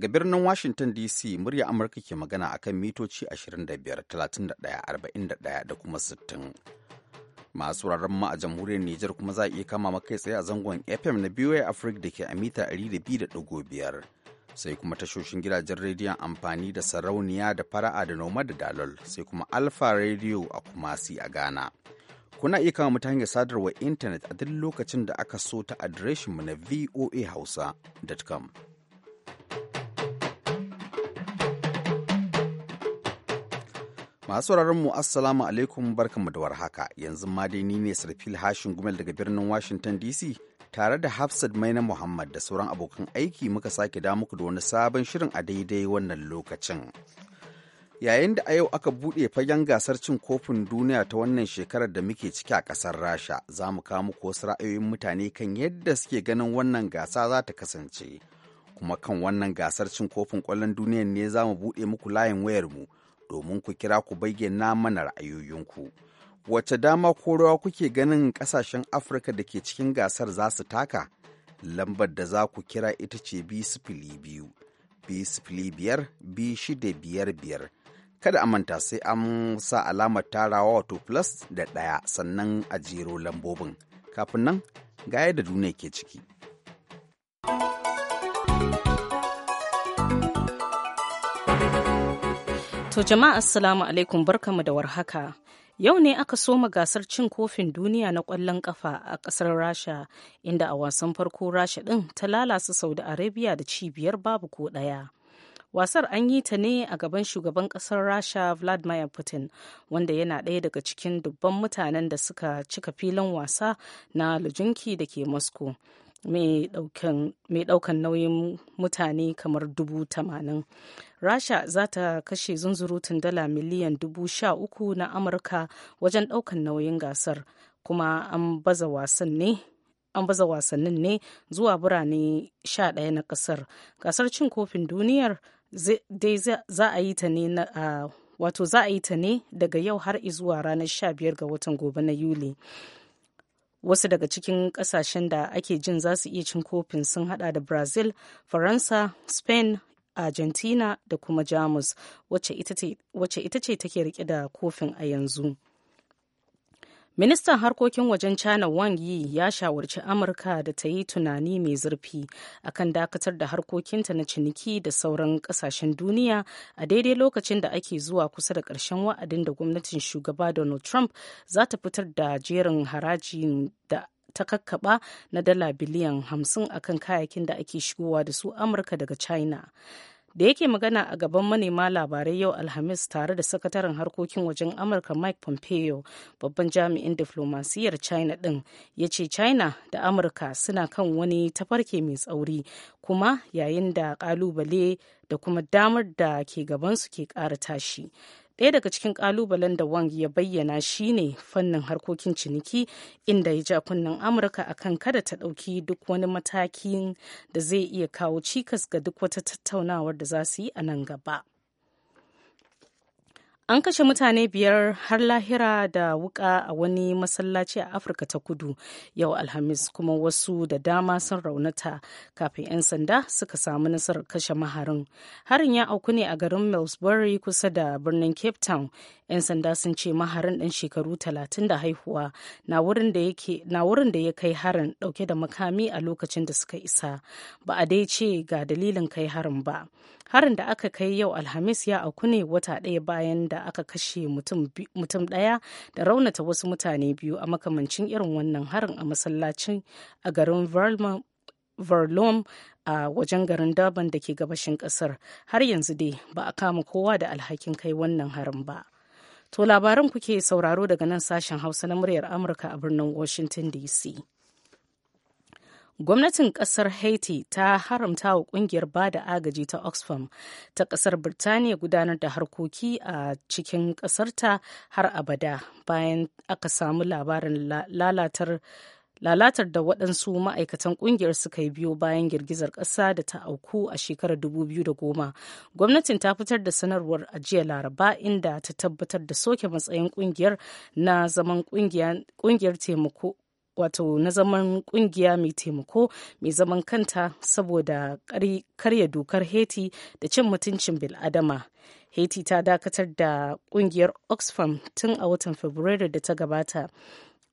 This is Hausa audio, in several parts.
Daga birnin Washington DC murya Amurka ke magana a kan mitoci 25, 31, 41 da kuma 60. Masu wuraren ma a jamhuriyar Nijar kuma za a iya kama makai tsaye a zangon FM na BOA Africa da ke a mita 200.5. Sai kuma tashoshin gidajen rediyon amfani da sarauniya da fara'a da noma da dalol sai kuma Alpha Radio a Kumasi a Ghana. Kuna iya kama ta hanyar sadarwar intanet a duk lokacin da aka so ta adireshinmu na voahausa.com. Masu mu Assalamu alaikum barkanmu da warhaka yanzu ma dai ni ne Sarfil Hashin Gumel daga birnin Washington DC tare da Hafsat Maina Muhammad da sauran abokan aiki muka sake da muku da wani sabon shirin a daidai wannan lokacin. Yayin da a yau aka buɗe fagen gasar cin kofin duniya ta wannan shekarar da muke ciki a ƙasar Rasha, za mu kawo muku wasu ra'ayoyin mutane kan yadda suke ganin wannan gasa za ta kasance. Kuma kan wannan gasar cin kofin ƙwallon duniya ne za mu buɗe muku layin wayar mu. domin ku kira ku bayyana mana ra'ayoyinku. Wace dama ko rawa kuke ganin ƙasashen Afirka da ke cikin gasar za su taka? Lambar da za ku kira ita ce b sifili biyu, b sifili biyar, b shida biyar biyar. Kada a manta sai an sa alamar tarawa wato plus da ɗaya sannan a jero lambobin. Kafin nan, ga da duniya ke ciki. To jama'a assalamu alaikum barkamu da warhaka. Yau ne aka soma gasar cin kofin duniya na ƙwallon ƙafa a ƙasar Rasha, inda a wasan farko Rasha ɗin ta lalasa Saudi Arabia da cibiyar babu ko ɗaya. Wasar an yi ta ne a gaban shugaban ƙasar Rasha Vladimir Putin, wanda yana ɗaya daga cikin dubban mutanen da suka cika filin wasa na Lujinki da ke Moscow. mai daukan nauyin mutane kamar dubu tamanin rasha za ta kashe zunzurutun dala miliyan dubu sha uku na amurka wajen daukan nauyin gasar kuma an baza wasannin ne zuwa birane sha ɗaya na kasar gasar cin kofin duniyar dai za a yi ta ne na wato za a yi ta ne daga yau har izuwa ranar sha biyar ga watan gobe na yuli wasu daga cikin kasashen da ake jin za su iya cin kofin sun hada da brazil faransa spain argentina da kuma jamus wacce ita ce take rike da kofin a yanzu ministan harkokin wajen china wang yi ya shawarci amurka da ta yi tunani mai zurfi akan dakatar da harkokinta na ciniki da sauran kasashen duniya a daidai lokacin da ake zuwa kusa da ƙarshen wa'adin da gwamnatin shugaba donald trump za ta fitar da jerin haraji da ta kakkaba na dala biliyan 50 akan kayakin da ake shigowa da su amurka daga china da yake magana a gaban manema labarai yau alhamis tare da sakataren harkokin wajen amurka mike pompeo babban jami'in diflomasiyyar china din ya ce china da amurka suna kan wani tafarke mai tsauri kuma yayin da kalubale da kuma damar da ke gabansu ke ƙara tashi daya daga cikin ƙalubalen da wang ya bayyana shine fannin harkokin ciniki inda ya ja kunnen amurka akan kada ta ɗauki duk wani matakin da zai iya kawo cikas ga duk wata tattaunawar da za su yi a nan gaba an kashe mutane biyar har lahira da wuka a wani masallaci a afirka ta kudu yau alhamis kuma wasu da dama sun raunata kafin 'yan sanda suka samu nasarar kashe maharin harin ya auku ne a garin millsbury kusa da birnin cape town 'yan sanda sun ce maharin ɗan shekaru 30 da haihuwa na wurin da ya kai harin ɗauke da makami a lokacin da suka isa ba a dai ce ga dalilin kai harin ba harin da aka kai yau alhamis ya auku ne wata ɗaya bayan da aka kashe mutum ɗaya da raunata wasu mutane biyu a makamancin irin wannan harin a masallacin a garin verlom a wajen garin daban da ke gabashin kasar har yanzu dai ba a kama kowa da alhakin kai wannan harin ba to labaran kuke sauraro daga nan sashen hausa na muryar amurka a birnin washington dc Gwamnatin kasar Haiti ta haramta wa kungiyar bada agaji ta Oxfam ta kasar Birtaniya gudanar da harkoki a cikin kasarta har abada bayan aka samu labarin lalatar lalatar da waɗansu ma'aikatan ƙungiyar suka yi biyo bayan girgizar ƙasa da ta auku a shekarar 2010 gwamnatin ta fitar da sanarwar ajiyar laraba inda ta tabbatar da soke matsayin ƙungiyar na zaman ƙungiyar taimako wato na zaman kungiya mai taimako mai zaman kanta saboda karya dokar haiti da cin mutuncin biladama haiti ta dakatar da kungiyar oxfam tun a watan fabrairu da ta gabata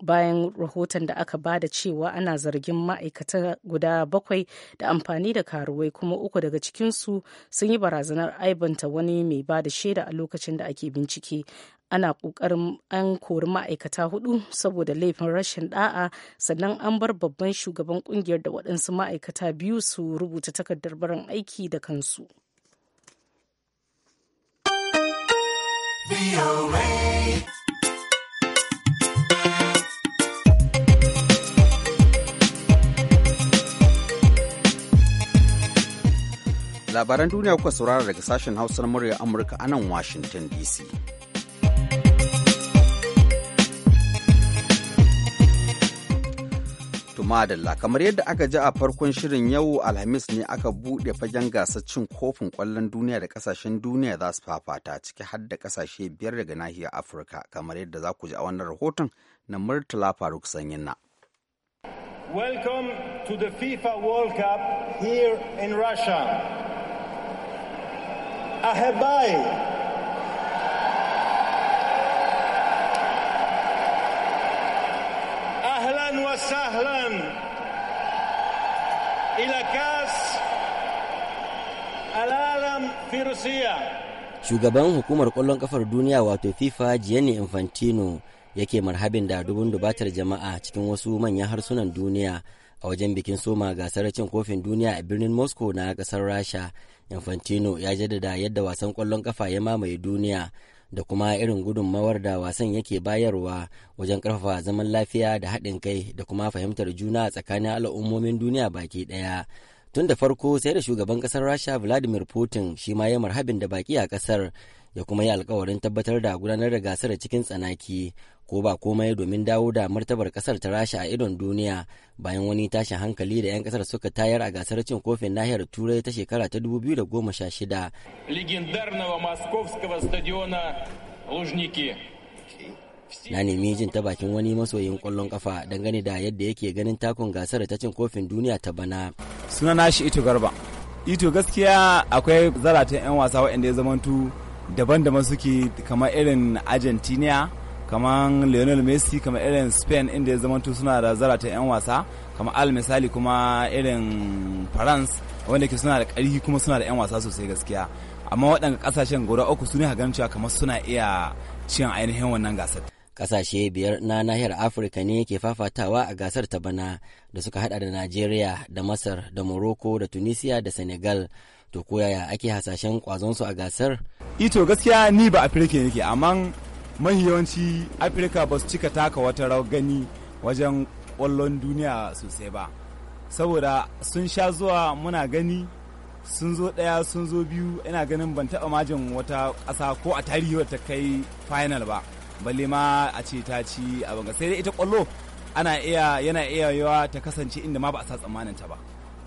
bayan rahoton da aka bada cewa ana zargin ma'aikata guda bakwai da amfani da karuwai kuma uku daga cikinsu sun yi barazanar aibanta wani mai ba da shaida a lokacin da ake bincike ana kokarin an kori ma'aikata hudu saboda laifin rashin da'a sannan an bar babban shugaban kungiyar da waɗansu ma'aikata biyu su rubuta takardar barin aiki da kansu. labaran duniya kuka saurara daga sashen hausa na murya amurka a nan washington dc madalla kamar yadda aka ji a farkon shirin yau alhamis ne aka buɗe fagen gasar cin kofin ƙwallon duniya da ƙasashen duniya za su fafata ciki har da ƙasashe biyar daga nahiyar afirka kamar yadda za ku ji a wannan rahoton na murtala faruk sanyinna welcome to the fifa world cup here in russia ahebaye ahlan wa sahlan ila kas alalam fi Rusiya. Shugaban hukumar kwallon kafar duniya wato FIFA Gianni Infantino yake marhabin da dubun dubatar jama'a cikin wasu manyan harsunan duniya a wajen bikin soma gasar cin kofin duniya a birnin moscow na kasar rasha infantino ya jaddada yadda wasan kwallon kafa ya mamaye duniya da kuma irin gudunmawar da wasan yake bayarwa wajen karfafa zaman lafiya da haɗin kai da kuma fahimtar juna a tsakanin al'ummomin duniya baki ɗaya tun da farko sai da shugaban kasar rasha vladimir putin shi ma ya marhabin da baki a kasar ya kuma yi alkawarin tabbatar da gudanar da gasar cikin tsanaki ko ba komai domin dawo da martabar kasar ta rasha a idon duniya bayan wani tashin hankali da 'yan kasar suka tayar a gasar cin kofin nahiyar turai ta shekara ta 2016 legendarного московского stadiona lujniki na nemi jin ta bakin wani masoyin kwallon kafa dangane da yadda yake ganin takon gasar ta cin kofin duniya ta bana suna nashi ito garba ito gaskiya akwai zaratan 'yan wasa waɗanda ya zamantu daban-daban suke kamar irin argentina kamar lionel messi kamar irin spain inda ya zamanto suna da zarata 'yan wasa kamar al misali kuma irin france wanda ke suna da ƙarfi kuma suna da 'yan wasa sosai gaskiya amma waɗanda ƙasashen guda uku su ne ganin cewa kamar suna iya cin ainihin wannan gasar ƙasashe biyar na nahiyar afirka ne ke fafatawa a gasar ta bana da suka hada da najeriya da masar da morocco da tunisia da senegal to koyaya ake hasashen su a gasar ito gaskiya ni ba afirka nake amma mahi yawanci afirka ba su cika taka wata gani wajen kwallon duniya sosai ba saboda sun sha zuwa muna gani sun zo ɗaya sun zo biyu ina ganin ban taba majin wata ƙasa ko a tarihi ta kai final ba balle ma a ce ta ci a banga sai dai ita kwallo ana iya yana iya yawa ta kasance inda ma ba a sa tsammanin ta ba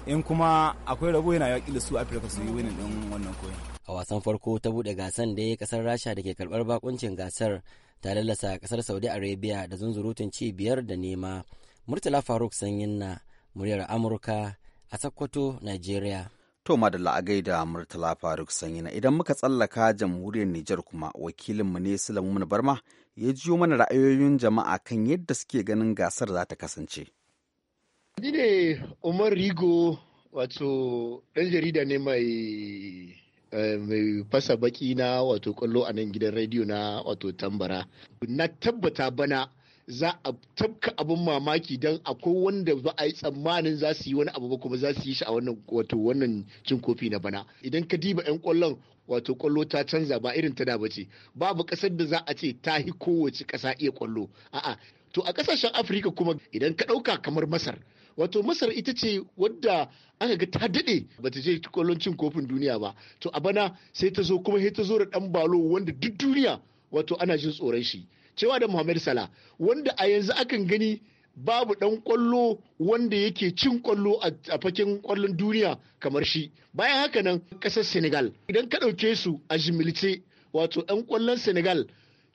in kuma akwai rabo yana yaƙi da su afirka su yi wani ɗin wannan koyon a wasan farko ta buɗe gasar da ya kasar rasha da ke karɓar bakuncin gasar ta lallasa kasar saudi arabia da zunzurutun ci biyar da nema murtala faruk sanyin na muryar amurka a sakkwato nigeria to madalla a gaida murtala faruk sanyin idan muka tsallaka jamhuriyar Nijar kuma wakilinmu ne sulamun barma ya jiyo mana ra'ayoyin jama'a kan yadda suke ganin gasar za ta kasance ne umar rigo wato ɗan jarida ne mai Eh, mai fasa baki na wato kwallo a nan gidan rediyo na wato tambara na tabbata bana za a tabka abin mamaki don akwai wanda ba a yi tsammanin za su yi wani abu ba kuma za su yi shi a wannan wato wannan cin kofi na bana idan ka diba yan kwallon wato kwallo ta canza ba irin ta da bace babu kasar da za a ce ta hi kowace kasa iya kwallo a'a to a kasashen afirka kuma idan ka ɗauka kamar masar wato masar ita ce wadda aka ga ta daɗe bata je kwallon cin kofin duniya ba to a bana sai ta zo kuma sai ta zo da ɗan balo wanda duk duniya wato ana jin tsoron shi cewa da Muhammad Sala wanda a yanzu akan gani babu ɗan kwallo wanda yake cin kwallo a fakin kwallon duniya kamar shi bayan haka nan ƙasar Senegal idan ka ɗauke su a jimilce wato ɗan kwallon Senegal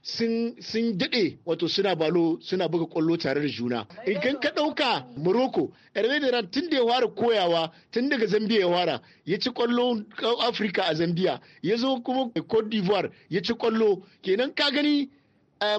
sun daɗe wato suna balo suna buga kwallo tare da juna In kan ka ɗauka morocco erderan tun da ya fara koyawa tun daga zambia ya fara ya ci kwallo afirka a zambia ya zo kuma cote d'ivoire ya ci kwallo kenan ka gani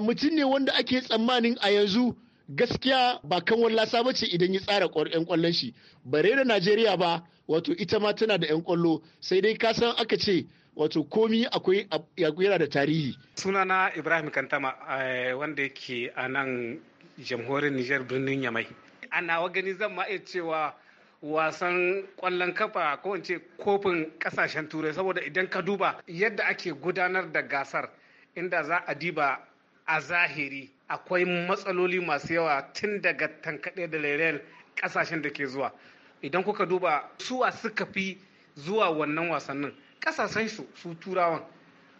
mutum ne wanda ake tsammanin a yanzu gaskiya ba kan wallasa ba ce idan ya tsara 'yan kwallon shi bare da najeriya ba wato ita ma tana da 'yan kwallo sai dai ka san aka ce wato komi akwai yana da tarihi sunana ibrahim kantama eh, wanda yake a nan jamhuriyar nijar birnin yamai ana wa gani zan ma cewa wasan kwallon kafa ko kofin kasashen turai saboda idan ka duba yadda ake gudanar da gasar inda za a diba a zahiri akwai matsaloli masu yawa tun daga tankaɗe da lairayar kasashen da ke zuwa idan kuka duba suwa suka fi zuwa wannan wasannin kasashen su su turawan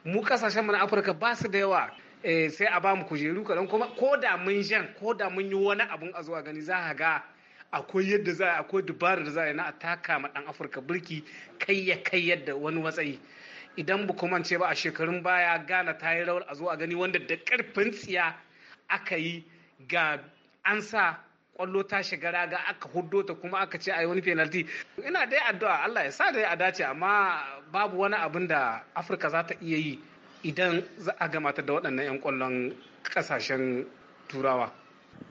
mu kasashen mu na afirka ba su da yawa eh, sai a ba mu kujeru kaɗan kuma ko da mun jan ko da mun yi wani abun a zuwa gani za a ga akwai yadda za a akwai dubarar da za a yi na a taka ma ɗan afirka birki kai ya kai yadda wani matsayi idan bu kuma ce ba a shekarun baya gana ta yi rawar a zuwa gani wanda da karfin tsiya aka yi ga an sa kwallo ta shiga raga aka huddo ta kuma aka ce a yi wani penalty ina dai addu'a Allah ya sa dai a dace amma babu wani abin da Afirka za ta iya yi idan za a gama ta da waɗannan 'yan kwallon ƙasashen turawa.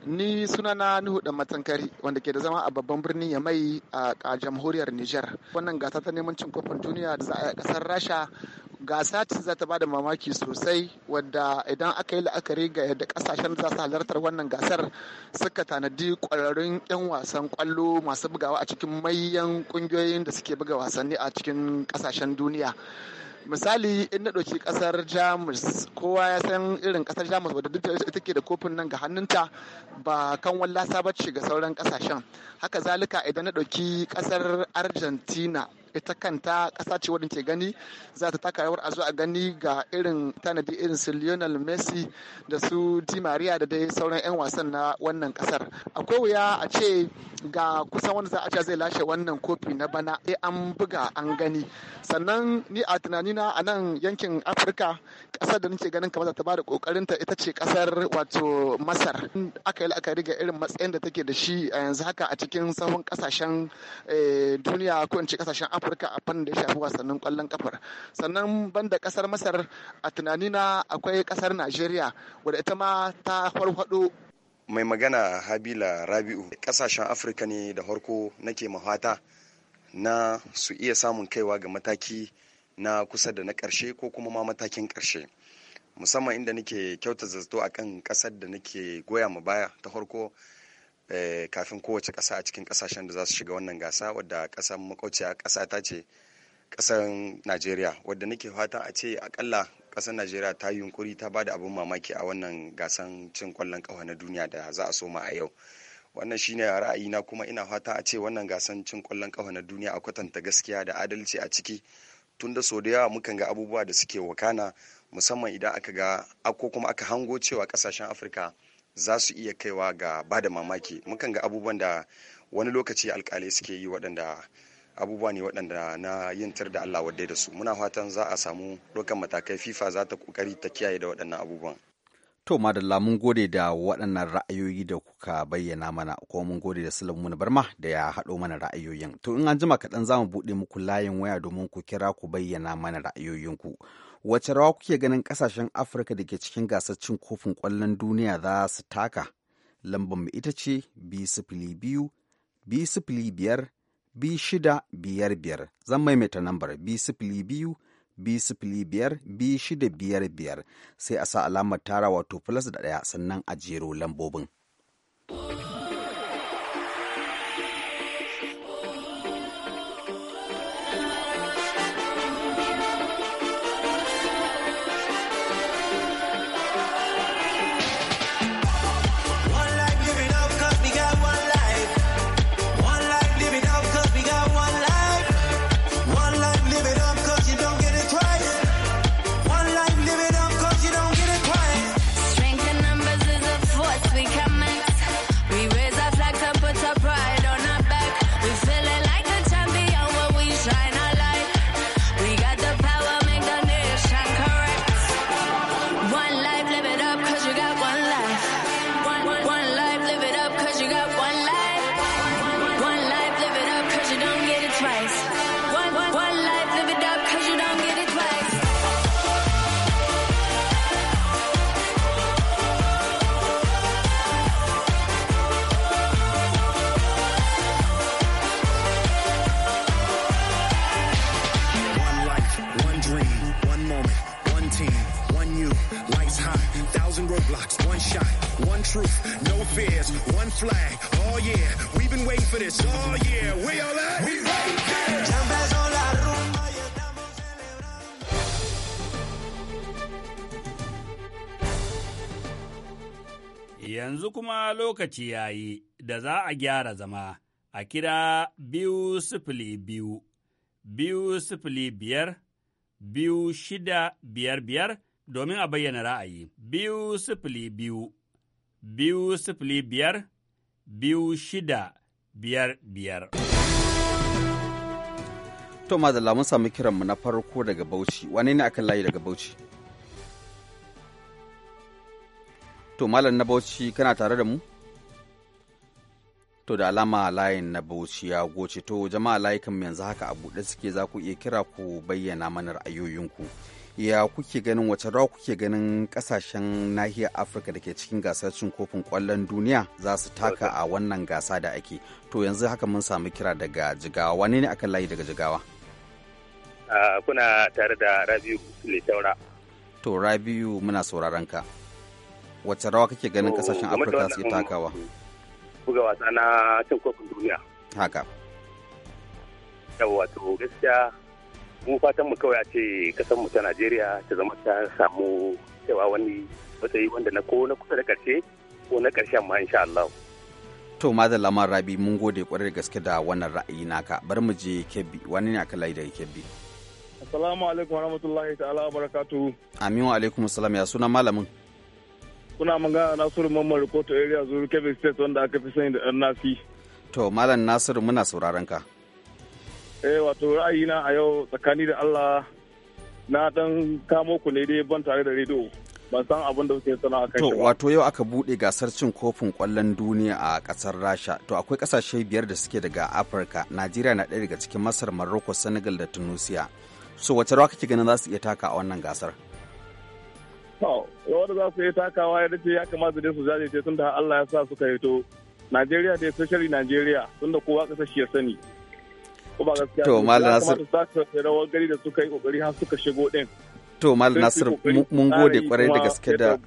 Ni na Nuhu da Matankari wanda ke da zama a babban birnin Yamai a jamhuriyar Nijar. Wannan gasa ta neman cin kofin duniya da za a yi ƙasar Rasha gasa ce za ta bada mamaki sosai wadda idan aka yi la'akari ga yadda kasashen za su halartar wannan gasar suka tanadi kwararrun 'yan wasan kwallo masu bugawa a cikin mayan kungiyoyin da suke buga wasanni a cikin kasashen duniya misali in na ɗauki ƙasar jamus kowa ya san irin ƙasar jamus wadda duk da ke da kofin nan ga hannunta ba kan wallasa ba ce ga sauran ƙasashen haka zalika idan na ɗauki ƙasar argentina ita kanta kasa ce wadda ke gani za ta taka rawar a zuwa gani ga irin tanadi irin su Lionel Messi da su Di Maria da dai sauran 'yan wasan na wannan kasar Akwai wuya a ce ga kusan wanda za a ce zai lashe wannan kofi na bana sai an buga an gani. Sannan ni a tunani na a nan yankin Afirka ƙasar da nake ganin kamar ta bada ƙoƙarinta ita ce kasar wato Masar. Aka yi la'akari ga irin matsayin da take da shi a yanzu haka a cikin sahun ƙasashen eh, duniya ko in ce ƙasashen Afirka. afirka a fannin da ya shafi wasannin kwallon kafar sannan banda kasar masar a tunanina akwai kasar najeriya wadda ita ma ta farfado mai magana habila rabi'u kasashen afirka ne da harko nake mahata na su iya samun kaiwa ga mataki na kusa da na karshe ko kuma ma matakin ƙarshe musamman inda nake kyauta zato akan ƙasar da nake goya ma baya ta harko Eh, kafin kowace ƙasa a cikin ƙasashen da za su shiga wannan gasa wadda ƙasar makauciya ƙasa ta ce ƙasar najeriya wadda nake fata a ce akalla ƙasar najeriya ta yi yunkuri ta ba da abin mamaki a wannan gasan cin ƙwallon ƙafa na duniya da za a soma a yau wannan shine ra'ayina kuma ina fata a ce wannan gasan cin ƙwallon ƙafa na duniya a kwatanta gaskiya da adalci a ciki tunda sau da yawa mukan ga abubuwa da suke wakana musamman idan aka ga ko kuma aka hango cewa ƙasashen afirka za su iya kaiwa ga ba da mamaki mukan ga abubuwan da wani lokaci alkalai suke yi waɗanda abubuwa ne waɗanda na yin tir da Allah wadda da su muna fatan za a samu dokan matakai FIFA za ta ƙoƙari ta kiyaye da waɗannan abubuwan. To madalla mun gode da waɗannan ra'ayoyi da kuka bayyana mana kuma mun gode da Sulaimun Barma da ya haɗo mana ra'ayoyin. To in an jima kaɗan za mu buɗe muku layin waya domin ku kira ku bayyana mana ra'ayoyinku. wace rawa kuke ganin kasashen afirka da ke cikin gasar cin kofin kwallon duniya za su taka lambar mu ita ce b sifili biyu b sifili biyar b shida biyar biyar zan maimaita lambar b sifili biyu b sifili biyar b shida biyar biyar sai a sa alamar tara wato plus da ɗaya sannan a jero lambobin fears. One flag, oh yeah. We've been waiting for this all oh year. We all at? We right Yanzu kuma lokaci ya yi da za a gyara zama a kira biyu sifili biyu, biyu sifili biyar, biyu shida biyar biyar domin a bayyana ra'ayi. Biyu sifili biyu. biyu sifili biyar biyu shida biyar biyar. To madalla mun samu kiranmu na farko daga Bauchi. Wane ne akan layi daga Bauchi? To malam na Bauchi kana tare da mu? To da alama layin na Bauchi ya goce to jama'a layukan yanzu haka a buɗe suke za ku iya kira ku bayyana mana ra'ayoyinku. ya kuke ganin wace rawa kuke ganin kasashen nahiyar afirka da ke cikin gasar cin kofin kwallon duniya za su taka a wannan gasa da ake to yanzu haka mun samu kira daga jigawa wane ne akan layi daga jigawa kuna tare da rabiu taura. to rabiu muna sauraron ka wace rawa kake ganin kasashen afirka su takawa buga wasa na cin kofin duniya haka wato gaskiya mu fatan mu kawai a ce kasan mu ta Najeriya ta zama ta samu cewa wani matsayi wanda na ko na kusa da karshe ko na karshen ma insha Allah to madan lamar rabi mun gode kwarai da gaske da wannan ra'ayi naka bari mu je kebbi wani ne aka layi kebbi assalamu alaikum warahmatullahi ta'ala barakatuhu amin wa alaikum assalam ya suna malamin kuna magana nasiru mamman rikoto area zuru kebbi state wanda aka fi sani da dan nasi to malam nasiru muna sauraron ka eh wato ra'ayina a yau tsakani da Allah na dan kamo ku ne dai ban tare da rediyo ban san abin da suke sana a kai to wato yau aka bude gasar cin kofin kwallon duniya a kasar Rasha to akwai kasashe biyar da suke daga Afirka Najeriya na ɗaya daga cikin Masar Morocco Senegal da Tunisia so wace rawa kake ganin za su iya taka a wannan gasar to rawar za su iya takawa ya dace ya kamata dai su jajirce tun da Allah ya sa suka yi to Najeriya dai especially Najeriya da kowa kasashe ya sani kuma gaskiya to da suka yi kokari suka shigo mun gode kwarai da gaske da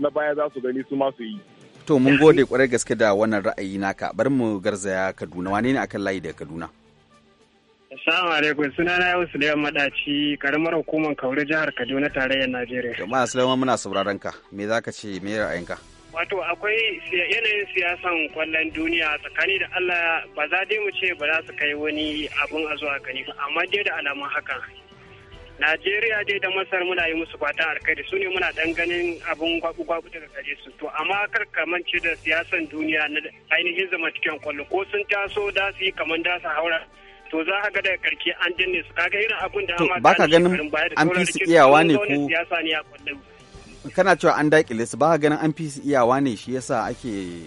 na baya za gani su ma su yi da wannan ra'ayi naka bari mu garzaya Kaduna wane ne akan layi da Kaduna Assalamu alaikum sunana yau su da madaci karamar hukumar Kauri jihar Kaduna tarayyar Najeriya. Jama'a Sulaiman muna sauraron ka me zaka ce me ra'ayinka? wato akwai yanayin siyasan kwallon duniya tsakani da allah ba za dai mu ce ba za su kai wani abin a zuwa gani amma dai da alamun haka najeriya dai da masar muna yi musu kwatan alkhairi su ne muna dan ganin abin gwabu daga gare su to amma kar da siyasan duniya na ainihin cikin kwallo ko sun taso da su yi kamar da su haura to za ka ga karke an danne su irin da baka ganin an iyawa ne ko kana cewa an daƙile su ba ganin an fi su iyawa ne shi yasa ake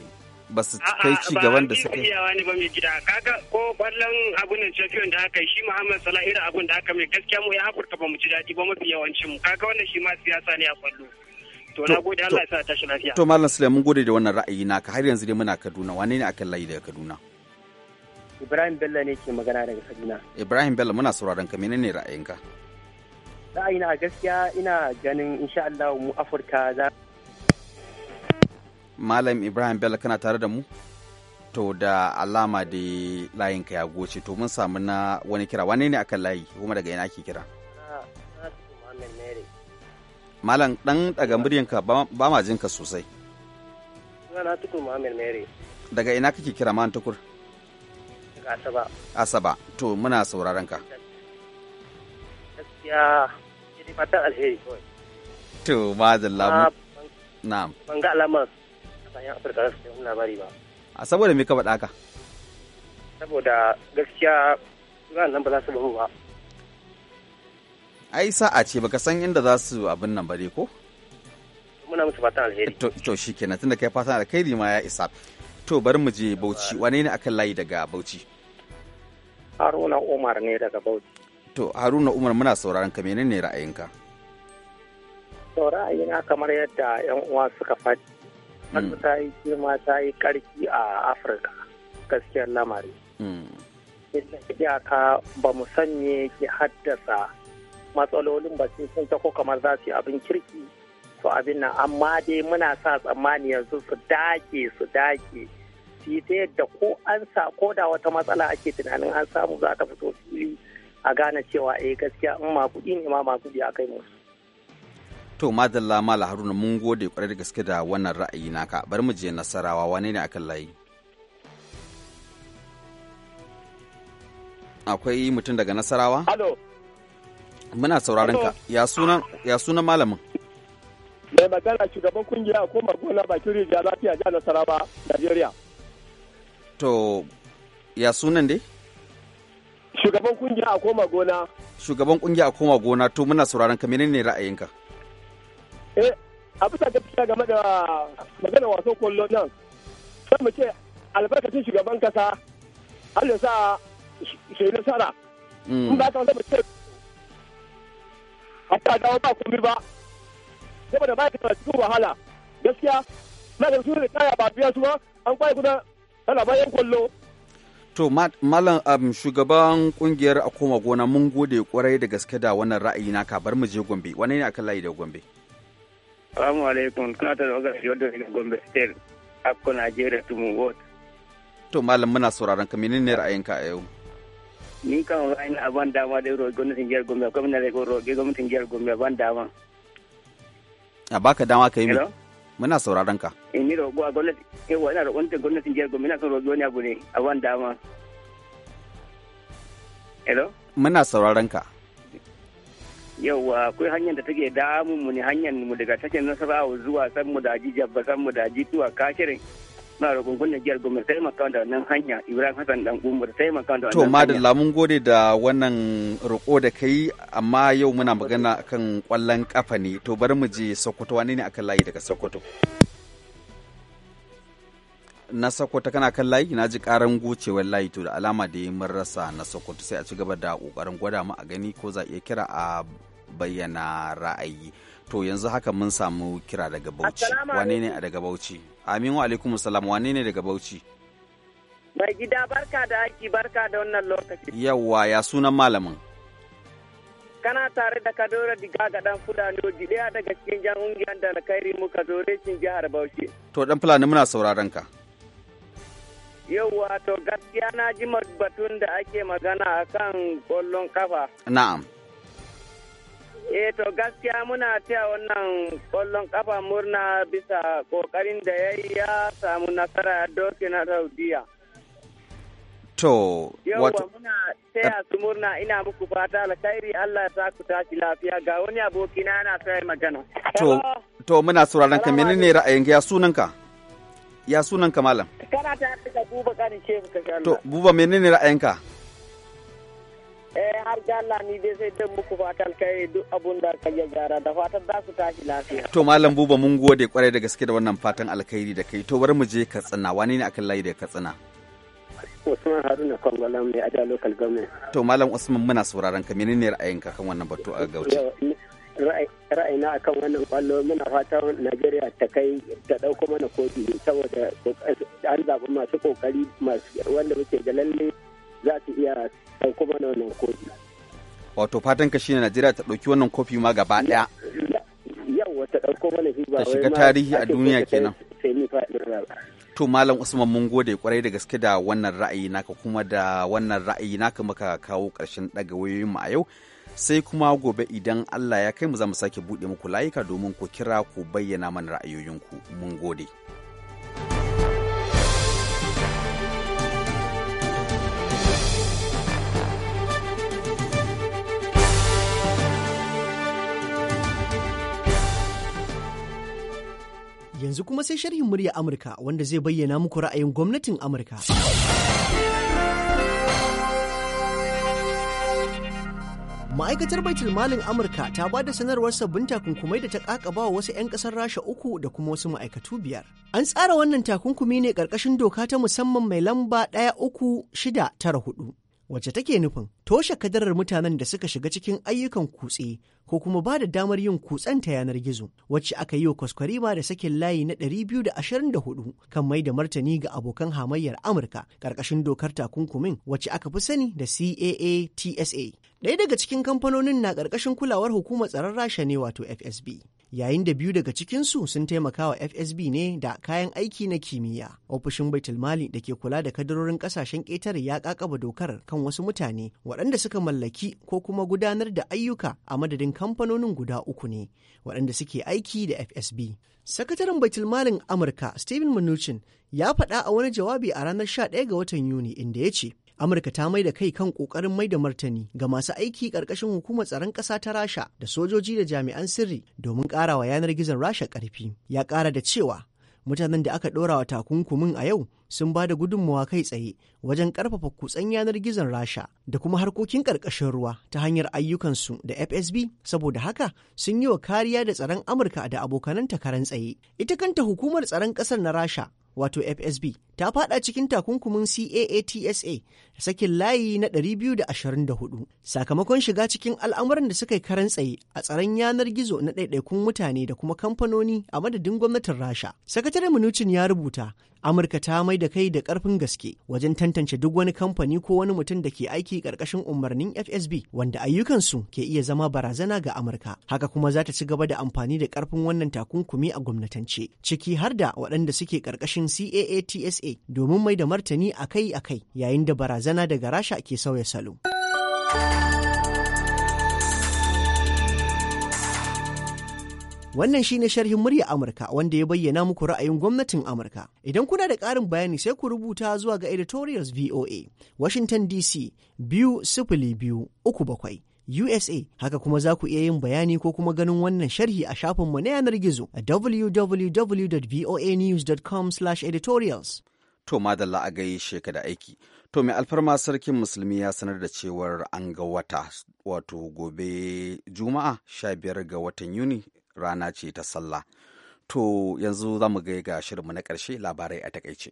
ba su kai ci gaban da suke. iyawa ne ba mai gida kaga ko kwallon abun nan champion da aka yi shi Muhammad Salah irin abun da aka mai gaskiya mu ya Afirka ba mu ji daɗi ba mafi yawancin mu kaga wannan shi ma siyasa ne a kwallo. To na gode Allah ya sa tashi lafiya. To Malam Sulaiman mun gode da wannan ra'ayi naka har yanzu dai muna Kaduna wane ne akan layi daga Kaduna? Ibrahim Bello ne ke magana daga Kaduna. Ibrahim Bello muna sauraron ka menene ra'ayinka? ra'ayi a gaskiya ina ganin insha Allah mu Afirka za Malam Ibrahim Bello kana tare da mu? To da alama da ka ya goce to mun samu na wani kira wane ne akan layi kuma daga ina ake kira? Malam dan daga muryanka ba ma jinka sosai. Sunana Tukur Muhammad Mary. Daga ina kake kira man Tukur? Asaba. Asaba to muna sauraron ka. Gaskiya shi patah alheri kawai to madalla ah, na'am ban ga alamar perkara afirka za labari ba a saboda me ka bada ka saboda gaskiya ran nan ba za su bahu ba ai sa'a ce baka san inda za su abin nan bare ko muna musu fatan alheri to to shikenan tunda kai fatan alheri ma ya isa to bari mu je Bauchi wane ne akan layi daga Bauchi Haruna Umar ne daga Bauchi To Haruna Umar muna sauraron ka menene ra'ayinka? To ra'ayina kamar yadda 'yan uwa suka fadi. wasu hmm. ta yi girma ta yi ƙarfi a Afirka gaskiyar lamari. Hmm. iyaka ba mu sanye ke haddasa matsalolin ba sai sun tako kamar za su abin kirki to abin nan amma dai muna sa tsammani yanzu su dake su dake su ta yadda ko an sa ko da wata matsala ake tunanin an samu za ta fito fili a gane cewa eh gaskiya in ma kuɗi ne ma masu biya kai musu. To madalla mala Haruna mun gode kwarai da gaske da wannan ra'ayi naka bari mu je nasarawa wane ne akan layi? Akwai mutum daga nasarawa? Halo. Muna sauraron ka. Ya sunan ya sunan malamin? Mai magana shugaban kungiya ko magona bakin rijiya lafiya jihar Nasarawa, Najeriya. To ya sunan dai? Shugaban kungiya a koma gona. Shugaban kungiya a koma gona to muna sauraron ka menene ra'ayinka? Eh, a bisa gaskiya game da magana wasan kwallo nan. Sai mu ce albarkacin shugaban kasa Allah sa shi nasara. Mm. In ba ta mu ce hatta da ba komai ba. Saboda ba ka cikin wahala. Gaskiya, na ga su ta kaya ba biya su ba, an kwai guda, tana bayan kwallo, To, Malam um, shugaban kungiyar a koma gona mun gode kwarai da gaske da wannan ra'ayi naka bar mu je Gombe. Wane ne akan layi da Gombe? Salamu alaikum, kuna ta da yadda daga Gombe State, Akko Najeriya mu Ward. To, Malam muna sauraron ka menene ra'ayinka a yau? Ni kan ra'ayin a ban dama da roƙi gwamnatin jihar Gombe, gwamnatin roƙi gwamnatin jihar Gombe ban dama. A baka dama ka yi mi? muna sauraron ka in eh, ni roƙo a gwamnati wa ina roƙon ta gwamnatin jihar Gombe ina son roƙo wani abu ne a ban dama hello muna sauraron ka yawa akwai hanyar da take damun mu ne hanyar mu daga tashin nasarawa zuwa san mu da aji ba san mu da aji zuwa kashirin na roƙon gwamnan jihar Gombe taimaka da wannan hanya Ibrahim Hassan dan Umar taimaka da wannan. To madalla mun gode da wannan roƙo da kai amma yau muna magana akan ƙwallon kafa ne to bari mu je Sokoto wane ne akan layi daga Sokoto? Na Sokoto kana kan layi na ji karan gocewar layi to da alama da ya mun rasa na Sokoto sai a ci gaba da ƙoƙarin gwada mu a gani ko za iya kira a bayyana ra'ayi. To yanzu haka mun samu kira daga Bauchi. Wane ne a daga Bauchi? Amin wa alaikum salam wane ne daga Bauchi? Mai gida barka da aiki barka da wannan lokaci. Yawwa ya sunan malamin. Kana tare da Kadore Diga ga dan Fulani Oji ɗaya daga cikin jan ungiyar da rimu muka zo cin jihar Bauchi. To dan Fulani muna sauraron ka. Yawwa to gaskiya na ji batun da ake magana akan kwallon kafa. Na'am. Eh to gaskiya muna cewa wannan kwallon kafa murna bisa kokarin da ya yi ya samu nasara ya doke na Saudiya. To, wato... muna taya su murna ina muku fata alkhairi Allah ta ku tashi lafiya ga wani aboki na yana sai magana. To, to muna sauraron ka menene ra'ayinka ya sunanka? Ya sunanka malam? Kana ta da Buba Kanin ke ka To, Buba menene ka eh har da Allah ni dai sai dan muku fatan kai duk abun da kai ya gyara da fatan za su tashi lafiya to malam buba mun gode kwarai da gaske da wannan fatan alkhairi da kai to bari mu je Katsina wani ne akan layi da Katsina Usman Haruna Kwangwala mai ada local government to malam Usman muna sauraron ka menene ra'ayinka kan wannan batu a Gauci ra'ayina akan wannan kwallo muna fatan Najeriya ta kai ta ɗauko mana kofi saboda an zaɓi masu ƙoƙari masu wanda muke da lalle za su iya an kuma na wannan kofi wato fatan ka shine Najeriya ta ɗauki wannan kofi ma gaba ɗaya yawa ta ɗauko mana shi ba ta shiga tarihi a duniya kenan to malam Usman mun gode kwarai da gaske da wannan ra'ayi naka kuma da wannan ra'ayi naka muka kawo ƙarshen ɗaga wayoyin mu a yau sai kuma gobe idan Allah ya kai mu za mu sake buɗe muku layuka domin ku kira ku bayyana mana ra'ayoyinku mun gode yanzu kuma sai sharhin murya Amurka wanda zai bayyana muku ra'ayin gwamnatin Amurka. Ma'aikatar Baitul Malin Amurka ta ba da sanarwar sabbin takunkumai da ta kakaba wasu 'yan ƙasar Rasha uku da kuma wasu ma'aikatu biyar. An tsara wannan takunkumi ne ƙarƙashin doka ta musamman mai lamba ɗaya uku shida tara hudu. wacce take nufin toshe kadarar mutanen da suka shiga cikin ayyukan kutse ko kuma ba da damar yin kutsen ta yanar gizo wacce aka yi wa kwaskwarima da sakin layi na 224 kan mai da martani ga abokan hamayyar amurka ƙarƙashin dokar takunkumin wacce aka fi sani da caatsa ɗaya daga cikin kamfanonin na ƙarƙashin kulawar hukumar tsaron rasha ne wato fsb yayin da biyu daga cikinsu sun taimaka wa FSB ne da kayan aiki na kimiyya. Ofishin Mali da ke kula da kadarorin kasashen ƙetare ya ƙaƙaba dokar kan wasu mutane waɗanda suka mallaki ko kuma gudanar da ayyuka a madadin kamfanonin guda uku ne waɗanda suke aiki da FSB. Sakataren batl-malin Amurka Stephen Mnuchin ya faɗa a wani jawabi a ranar 11 ga watan Yuni inda ya ce Amurka ta mai da kai kan ƙoƙarin mai da martani ga masu aiki ƙarƙashin hukumar tsaron ƙasa ta Rasha da sojoji da jami'an sirri domin wa yanar gizon Rasha ƙarfi. Ya ƙara da cewa mutanen da aka ɗora wa takunkumin a yau sun ba da gudunmawa kai tsaye wajen ƙarfafa kutsen yanar gizon rasha da kuma harkokin ƙarƙashin ruwa ta hanyar ayyukansu da fsb saboda haka sun yi wa kariya da tsaron amurka da abokananta karan tsaye ita kanta hukumar tsaron ƙasar na rasha wato FSB ta fada cikin takunkumin CAATSA A sakin layi na 224 sakamakon shiga cikin al'amuran da suka yi karan tsaye a tsaron yanar gizo na ɗaiɗaikun mutane da kuma kamfanoni a madadin gwamnatin Rasha. Sakataren Minucin ya rubuta Amurka ta mai da kai da ƙarfin gaske wajen tantance duk wani kamfani ko wani mutum da ke aiki ƙarƙashin umarnin FSB wanda ayyukansu ke iya zama barazana ga Amurka. Haka kuma za ta ci gaba da amfani da ƙarfin wannan takunkumi a gwamnatance, ciki har da waɗanda suke ƙarƙashin CAATSA domin mai da martani akai-akai yayin da barazana daga Rasha ke sauya salo. Wannan shi ne sharhin murya Amurka wanda ya bayyana muku ra'ayin gwamnatin Amurka. Idan kuna da karin bayani sai ku rubuta zuwa ga editorials VOA, Washington DC biyu biyu uku bakwai. USA haka kuma za ku iya yin bayani ko kuma ganin wannan sharhi a shafinmu na yanar gizo a www.voanews.com/editorials. To madalla a gaishe shekada aiki. To mai alfarma sarkin musulmi ya sanar da cewar an ga wata wato gobe juma'a 15 ga watan Yuni rana ce ta sallah to yanzu za mu ga shirinmu na ƙarshe labarai a takaice.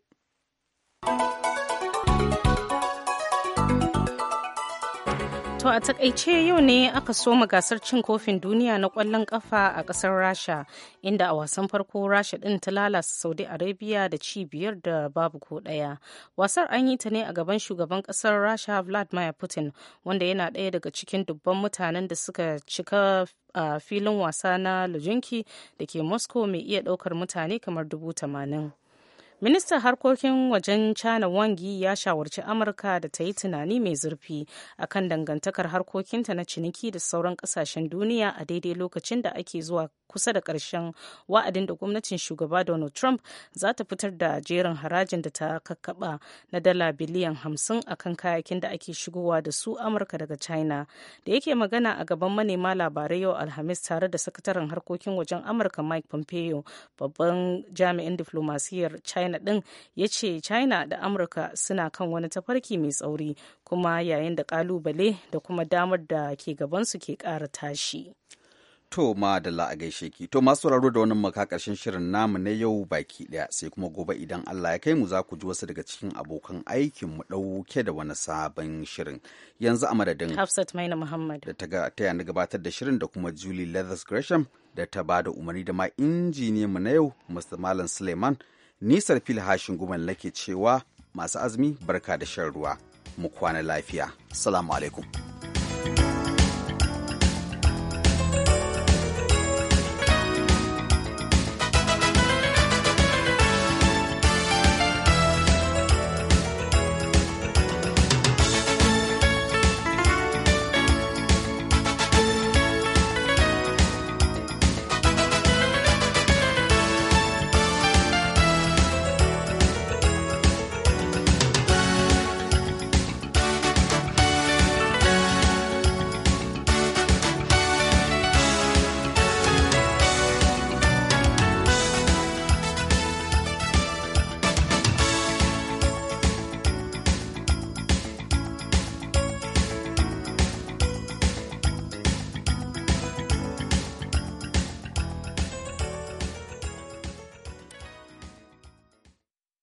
To a takaice yau ne aka soma gasar cin kofin duniya na kwallon kafa a kasar Rasha inda a wasan farko Rasha din ta lalasa Saudi Arabia da ci biyar da babu ko daya. Wasar an yi ta ne a gaban shugaban kasar Rasha Vladimir Putin wanda yana ɗaya daga cikin dubban mutanen da suka cika a filin wasa na Lujinki da ke Moscow mai iya ɗaukar mutane kamar dubu tamanin. ministan harkokin wajen china wang yi ya shawarci amurka da ta yi tunani mai zurfi akan dangantakar harkokinta na ciniki da sauran kasashen duniya a daidai lokacin da ake zuwa kusa da ƙarshen wa'adin da gwamnatin shugaba donald trump za ta fitar da jerin harajin da ta kakkaba na dala biliyan hamsin kan kayakin da ake shigowa da su amurka daga china da yake magana a gaban manema labarai yau alhamis tare da sakataren harkokin wajen amurka mike pompeo babban jami'in diflomasiyyar china china din ya ce china da amurka suna kan wani tafarki mai tsauri kuma yayin da kalubale da kuma damar da ke gabansu ke kara tashi to ma da la a gaishe ki to masu sauraro da wannan maka karshen shirin namu na yau baki daya sai kuma gobe idan Allah ya kai mu za ku ji wasu daga cikin abokan aikin mu dauke da wani sabon shirin yanzu a madadin Hafsat Maina Muhammad da ta taya na gabatar da shirin da kuma Julie Leathers Gresham da ta ba da umarni da ma injiniyan mu na yau Mr Malam Suleiman nisar fil hashin guman lake cewa masu azumi barka da shan ruwa mu kwana lafiya assalamu alaikum